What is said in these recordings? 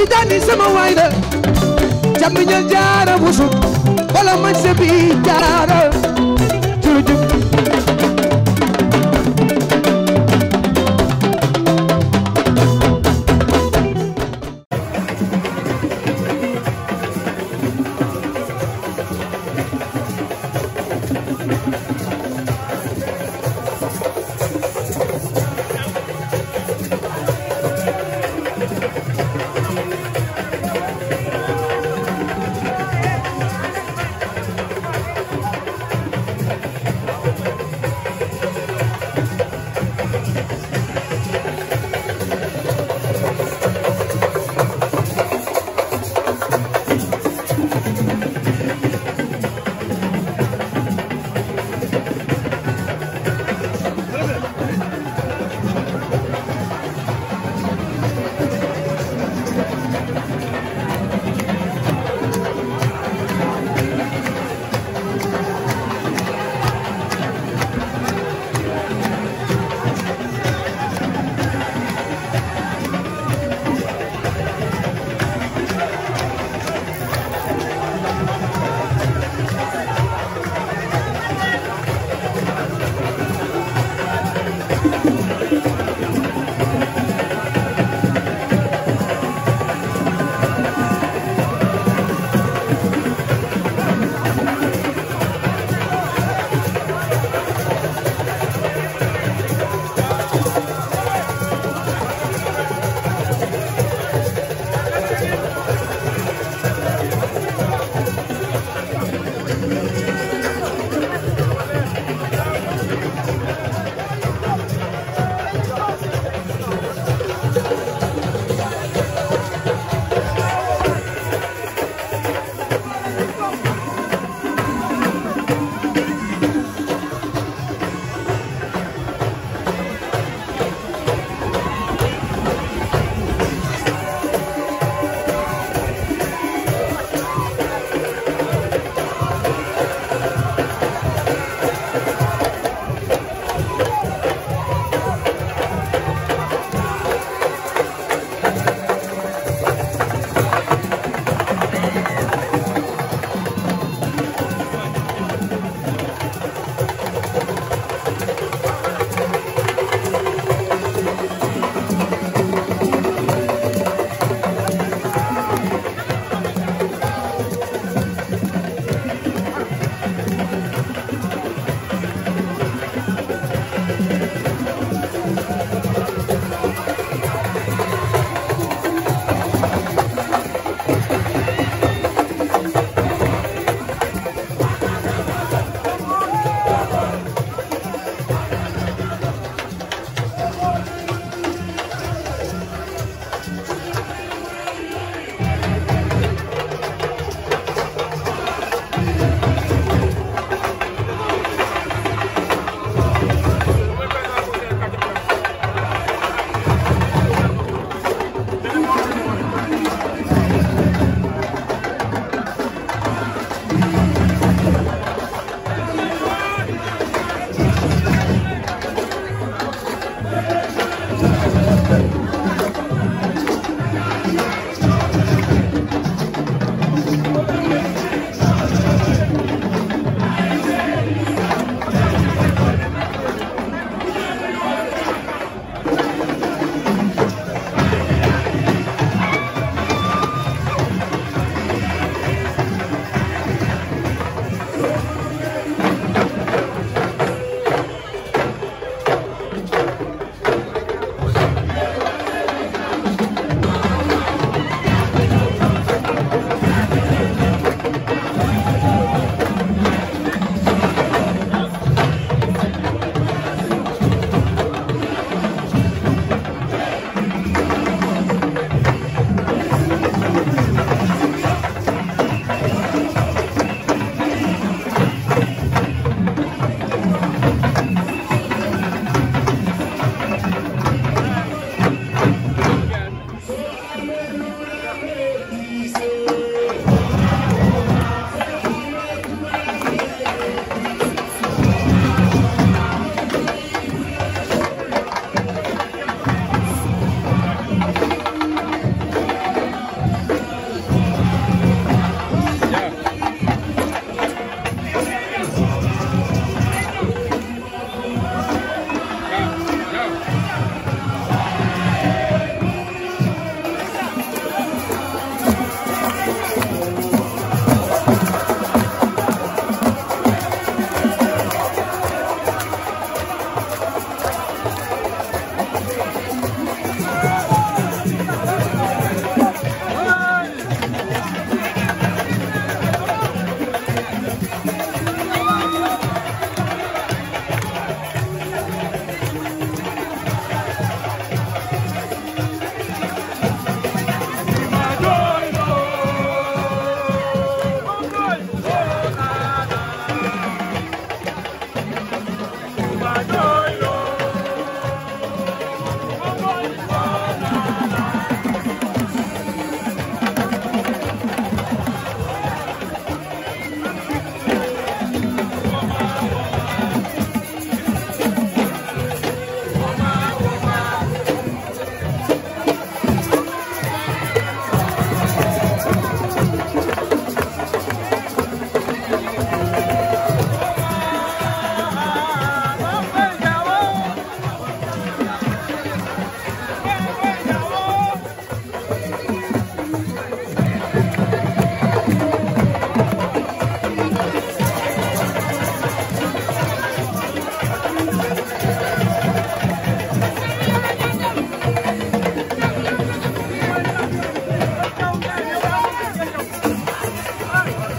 Tijani sama waay la jàmmi ñal jaara busu wala man se bi jaara jurujub Thank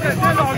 Gracias.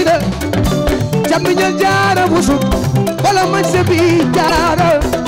fayda camiñal jaara busum bala mañ se bi jaara